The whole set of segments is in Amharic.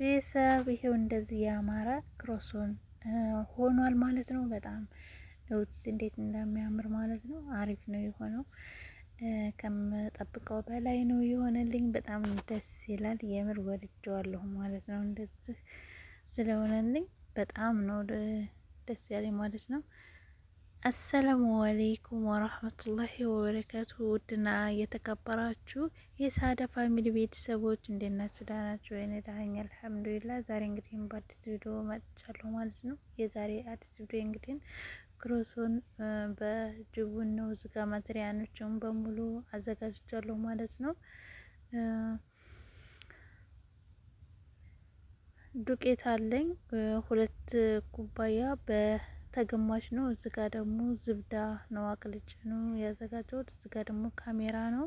ቤተሰብ ይሄው እንደዚህ ያማረ ክሮሶን ሆኗል ማለት ነው። በጣም ለውትስ እንዴት እንደሚያምር ማለት ነው። አሪፍ ነው የሆነው ከምጠብቀው በላይ ነው የሆነልኝ። በጣም ደስ ይላል። የምር ወድጀዋለሁ ማለት ነው። እንደዚህ ስለሆነልኝ በጣም ነው ደስ ያለኝ ማለት ነው። አሰላሙ አሌይኩም ወራህመቱላሂ ወበረካቱ። ውድና የተከበራችሁ የሳዳ ፋሚሊ ቤተሰቦች እንዴት ናችሁ? ደህና ናችሁ? እኔ ደህና ነኝ አልሐምዱሊላህ። ዛሬ እንግዲህ በአዲስ ቪዲዮ መጥቻለሁ ማለት ነው። የዛሬ አዲስ ቪዲዮ እንግዲህ ክሮሶን በጅቡን ነው ዝጋ ማትሪያኖችን በሙሉ አዘጋጅቻለሁ ማለት ነው። ዱቄት አለኝ ሁለት ኩባያ በ ተገማሽ ነው። እዚህ ጋር ደግሞ ዝብዳ ነው አቅልጭ ነው ያዘጋጀሁት። እዚህ ጋር ደግሞ ካሜራ ነው።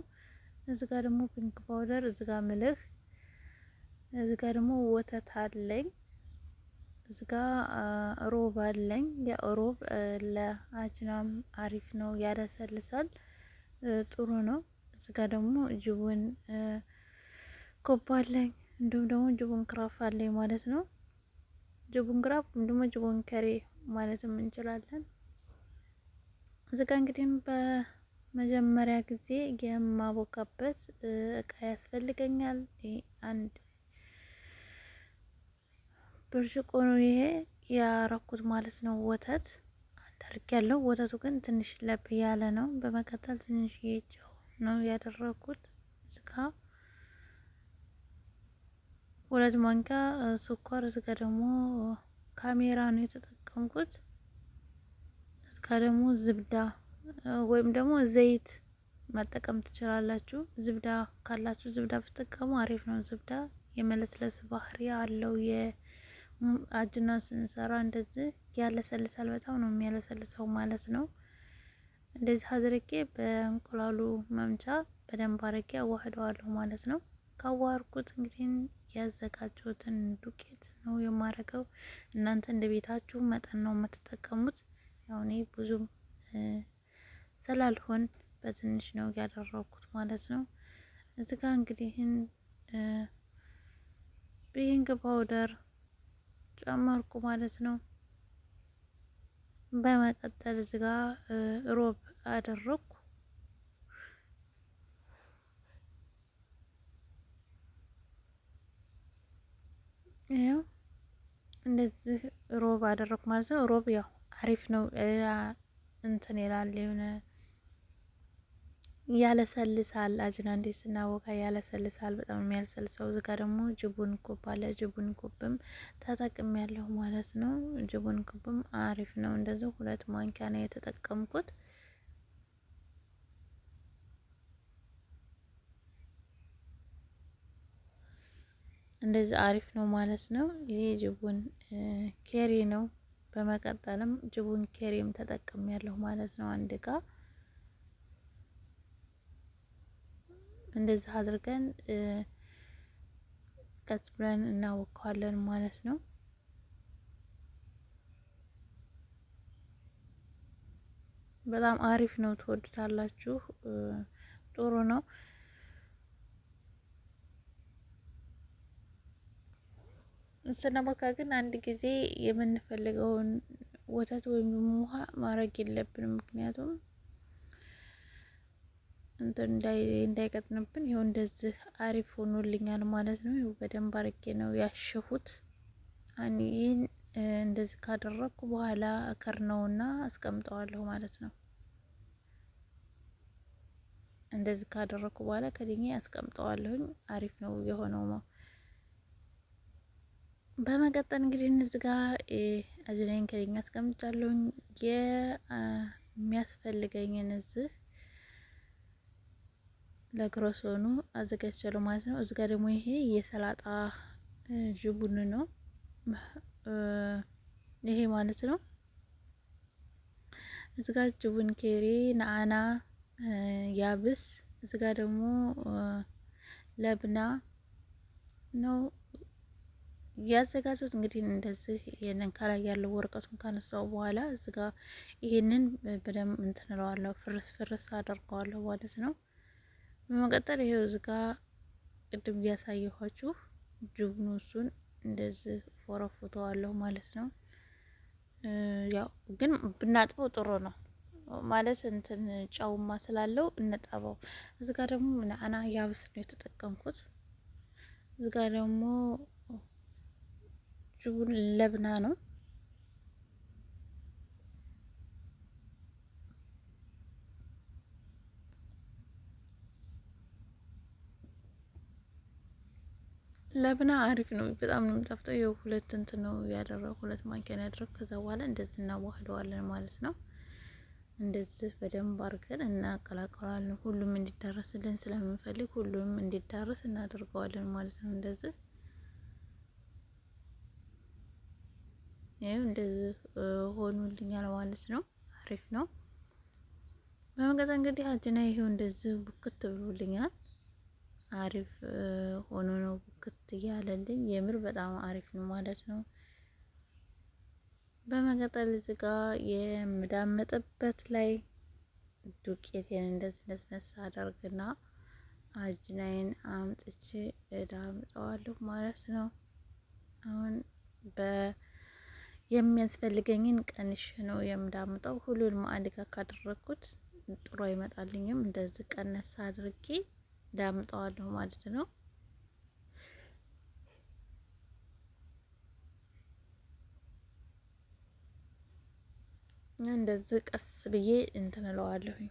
እዚህ ጋር ደግሞ ፒንክ ፓውደር፣ እዚህ ጋር ምልህ፣ እዚህ ጋር ደግሞ ወተት አለኝ። እዚህ ጋር ሮብ አለኝ። ሮብ ለአጅናም አሪፍ ነው፣ ያለሰልሳል፣ ጥሩ ነው። እዚህ ጋር ደግሞ ጅቡን ኮባ አለኝ፣ እንዲሁም ደግሞ ጅቡን ክራፍ አለኝ ማለት ነው። ጅቡን ክራፍ ደግሞ ጅቡን ከሬ ማለትም እንችላለን። እዚህ ጋ እንግዲህ በመጀመሪያ ጊዜ የማቦካበት እቃ ያስፈልገኛል። አንድ ብርጭቆ ነው ይሄ ያረኩት ማለት ነው። ወተት አንድ አርግ ያለው ወተቱ ግን ትንሽ ለብ ያለ ነው። በመቀጠል ትንሽ የጨው ነው ያደረኩት። ስጋ ሁለት ማንኪያ ስኳር፣ ስጋ ደግሞ ካሜራ ነው የተጠቀምኩት። እስካ ደግሞ ዝብዳ ወይም ደግሞ ዘይት መጠቀም ትችላላችሁ። ዝብዳ ካላችሁ ዝብዳ ብትጠቀሙ አሪፍ ነው። ዝብዳ የመለስለስ ባህሪ አለው። አጅና ስንሰራ እንደዚህ ያለሰልሳል። በጣም ነው የሚያለሰልሰው ማለት ነው። እንደዚህ አድርጌ በእንቁላሉ መምቻ በደንብ አድርጌ አዋህደዋለሁ ማለት ነው። ካዋርኩት እንግዲህ ያዘጋጀሁትን ዱቄት ነው የማረገው። እናንተ እንደ ቤታችሁ መጠን ነው የምትጠቀሙት። ያው እኔ ብዙም ስላልሆን በትንሽ ነው ያደረኩት ማለት ነው። እዚህ ጋር እንግዲህ ቤኪንግ ፓውደር ጨመርኩ ማለት ነው። በመቀጠል እዚህ ጋር ሮብ አደረኩ። ያው እንደዚህ ሮብ አደረኩ ማለት ነው። ሮብ ያው አሪፍ ነው እንትን ይላል የሆነ ያለሰልሳል። አጅና እንዴት ስናወቃ ያለሰልሳል። በጣም የሚያልሰልሰው እዚህ ጋር ደግሞ ጅቡን ኩብ አለ። ጅቡን ኩብም ተጠቅም ያለሁ ማለት ነው። ጅቡን ኩብም አሪፍ ነው። እንደዚህ ሁለት ማንኪያ ነው የተጠቀምኩት። እንደዚህ አሪፍ ነው ማለት ነው። ይሄ ጅቡን ኬሪ ነው። በመቀጠልም ጅቡን ኬሪም ተጠቅም ያለሁ ማለት ነው። አንድ እቃ እንደዚህ አድርገን ቀስ ብለን እናወቀዋለን ማለት ነው። በጣም አሪፍ ነው፣ ትወዱታላችሁ። ጥሩ ነው። ስንሞካ ግን አንድ ጊዜ የምንፈልገውን ወተት ወይም ውሃ ማድረግ የለብንም። ምክንያቱም እንትን እንዳይቀጥንብን። ይኸው እንደዚህ አሪፍ ሆኖልኛል ማለት ነው። ይኸው በደንብ አርጌ ነው ያሸሁት። ይህን እንደዚህ ካደረግኩ በኋላ እከር እከርነውና አስቀምጠዋለሁ ማለት ነው። እንደዚህ ካደረግኩ በኋላ ከድኜ አስቀምጠዋለሁኝ። አሪፍ ነው የሆነው ነው በመቀጠል እንግዲህ እነዚህ ጋር አጀላይን ከሌኝ አስቀምጫለሁኝ የሚያስፈልገኝን እነዚህ ለክሮሶኑ አዘጋጅቻለሁ ማለት ነው። እዚህ ጋር ደግሞ ይሄ የሰላጣ ጅቡን ነው ይሄ ማለት ነው። እዚህ ጋር ጅቡን ኬሪ፣ ነአና፣ ያብስ እዚህ ጋር ደግሞ ለብና ነው ያዘጋጁት እንግዲህ እንደዚህ ይህንን ከላይ ያለው ወረቀቱን ካነሳው በኋላ እዚጋ ይህንን በደንብ እንትንለዋለሁ ፍርስ ፍርስ አደርገዋለሁ ማለት ነው። በመቀጠል ይሄው እዚጋ ቅድም እያሳየኋችሁ ጅቡኑ እሱን እንደዚህ ፎረፉተዋለሁ ማለት ነው። ያው ግን ብናጥበው ጥሩ ነው ማለት እንትን ጨውማ ስላለው እንጠበው። እዚጋ ደግሞ ነአና ያብስ ነው የተጠቀምኩት እዚጋ ደግሞ እጅጉን ለብና ነው። ለብና አሪፍ ነው። በጣም ነው የሚጣፍጠው። ይኸው ሁለት እንትን ነው ያደረገው፣ ሁለት ማንኪያን ያደረገው። ከዛ በኋላ እንደዚህ እናዋህደዋለን ማለት ነው። እንደዚህ በደንብ አድርገን እናቀላቀለዋለን። ሁሉም እንዲዳረስልን ስለምንፈልግ ሁሉም እንዲዳረስ እናደርገዋለን ማለት ነው እንደዚህ ይህም እንደዚህ ሆኖልኛል ማለት ነው። አሪፍ ነው። በመቀጠል እንግዲህ አጅና ይሄው እንደዚህ ቡክት ብሎልኛል። አሪፍ ሆኖ ነው ቡክት እያለልኝ የምር በጣም አሪፍ ነው ማለት ነው። በመቀጠል እዚህ ጋ የምዳመጥበት ላይ ዱቄቴን እንደዚህ ነስነስ አደርግና አጅናይን አምጥቼ እዳምጠዋለሁ ማለት ነው። አሁን በ የሚያስፈልገኝን ቀንሽ ነው የምዳምጠው። ሁሉን አንድ ካደረግኩት ጥሩ አይመጣልኝም። እንደዚህ ቀነሳ አድርጌ ዳምጠዋለሁ ማለት ነው። እንደዚህ ቀስ ብዬ እንትንለዋለሁኝ።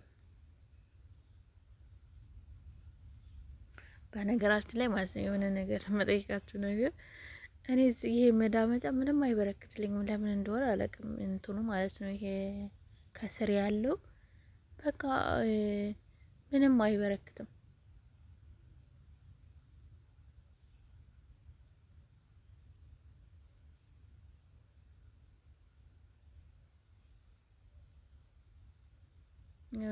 በነገራችን ላይ ማለት ነው የሆነ ነገር መጠየቃችሁ ነገር እኔ ይሄ መዳመጫ ምንም አይበረክትልኝም። ለምን እንደሆነ አላውቅም። እንትኑ ማለት ነው ይሄ ከስር ያለው በቃ ምንም አይበረክትም።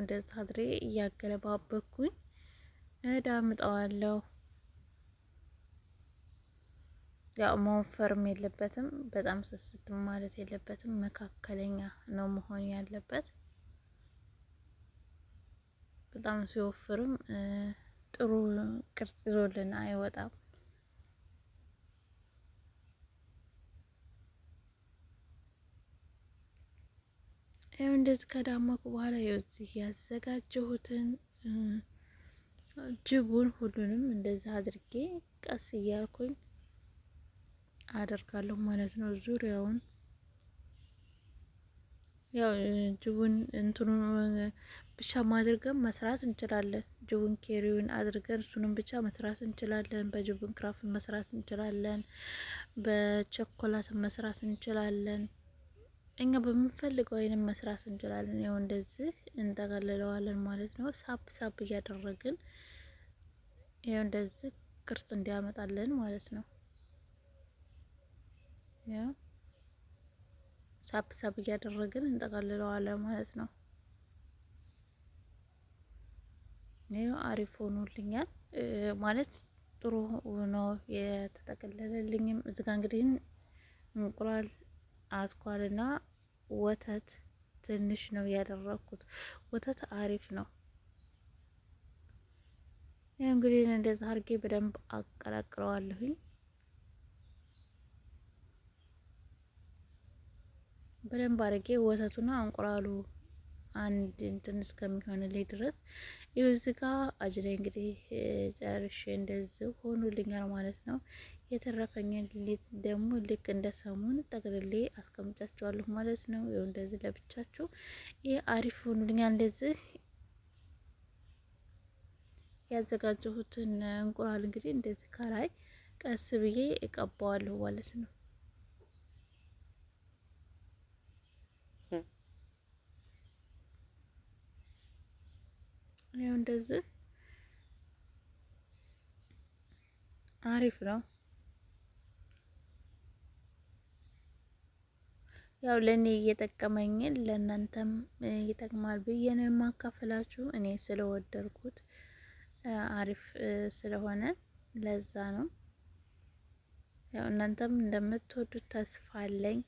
እንደዛ አድሬ እያገለባበኩኝ እዳምጠዋለሁ። ያው መወፈርም የለበትም በጣም ስስትም ማለት የለበትም። መካከለኛ ነው መሆን ያለበት። በጣም ሲወፍርም ጥሩ ቅርጽ ይዞልን አይወጣም። ይኸው እንደዚህ ከዳመኩ በኋላ የዚህ ያዘጋጀሁትን ጅቡን ሁሉንም እንደዚህ አድርጌ ቀስ እያልኩኝ አደርጋለሁ ማለት ነው። ዙሪያውን ያው ጅቡን እንትኑ ብቻ ማድርገን መስራት እንችላለን። ጅቡን ኬሪውን አድርገን እሱንም ብቻ መስራት እንችላለን። በጅቡን ክራፍን መስራት እንችላለን። በቸኮላትን መስራት እንችላለን። እኛ በምንፈልገው አይነት መስራት እንችላለን። ያው እንደዚህ እንጠቀልለዋለን ማለት ነው። ሳብ ሳብ እያደረግን ያው እንደዚህ ቅርጽ እንዲያመጣለን ማለት ነው። ሳብ ሳብ እያደረግን እንጠቀልለዋለን ማለት ነው። ይህ አሪፍ ሆኖልኛል ማለት ጥሩ ሆኖ የተጠቀለለልኝም። እዚጋ እንግዲህ እንቁላል አስኳልና ወተት ትንሽ ነው ያደረኩት። ወተት አሪፍ ነው። ይህ እንግዲህ እንደዛ አድርጌ በደንብ አቀላቅለዋለሁኝ። በደንብ አድርጌ ወተቱና እንቁላሉ አንድ እንትን እስከሚሆንልኝ ድረስ ይኸው እዚህ ጋ አጅሬ እንግዲህ ጨርሼ እንደዚህ ሆኖልኛል ማለት ነው። የተረፈኝን ደግሞ ልክ እንደ ሰሙን ጠቅልሌ አስቀምጫቸዋለሁ ማለት ነው። ይኸው እንደዚህ ለብቻችሁ ይህ አሪፍ ሆኖልኛል። እንደዚህ ያዘጋጀሁትን እንቁላል እንግዲህ እንደዚህ ከላይ ቀስ ብዬ እቀባዋለሁ ማለት ነው። ያው እንደዚህ አሪፍ ነው። ያው ለእኔ እየጠቀመኝን ለእናንተም ይጠቅማል ብዬ ነው የማካፈላችሁ። እኔ ስለወደድኩት አሪፍ ስለሆነ ለዛ ነው። ያው እናንተም እንደምትወዱት ተስፋ አለኝ።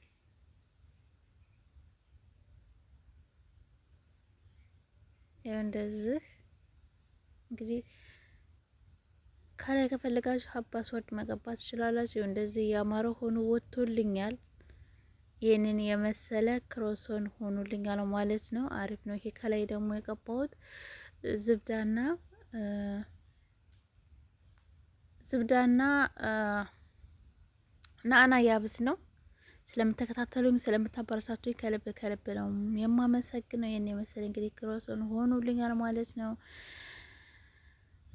ያው እንደዚህ እንግዲህ ከላይ ከፈለጋችሁ ሀፓስወርድ ፓስወርድ መገባት ትችላላችሁ። እንደዚህ ያማረ ሆኖ ወጥቶልኛል። ይህንን የመሰለ ክሮሶን ሆኖልኛል ማለት ነው። አሪፍ ነው። ይሄ ከላይ ደግሞ የቀባሁት ዝብዳና ዝብዳና ናአና ያብስ ነው። ስለምተከታተሉኝ ስለምታበረታቱኝ ከልብ ከልብ ነው የማመሰግነው። ይህን የመሰለ እንግዲህ ክሮሶን ሆኖልኛል ማለት ነው።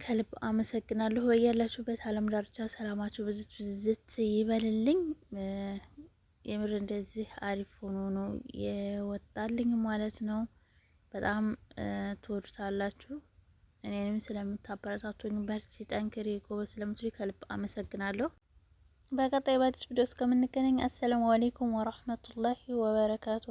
ከልብ አመሰግናለሁ። በያላችሁበት አለም ዳርቻ ሰላማችሁ ብዝት ብዝት ይበልልኝ። የምር እንደዚህ አሪፍ ሆኖ ነው የወጣልኝ ማለት ነው። በጣም ትወዱታላችሁ። እኔንም ስለምታበረታቱኝ በርቺ፣ ጠንክሪ፣ ጎበዝ ስለምትሉ ከልብ አመሰግናለሁ። በቀጣይ በአዲስ ቪዲዮ እስከምንገናኝ አሰላሙ አሌይኩም ወራህመቱላሂ ወበረካቱ።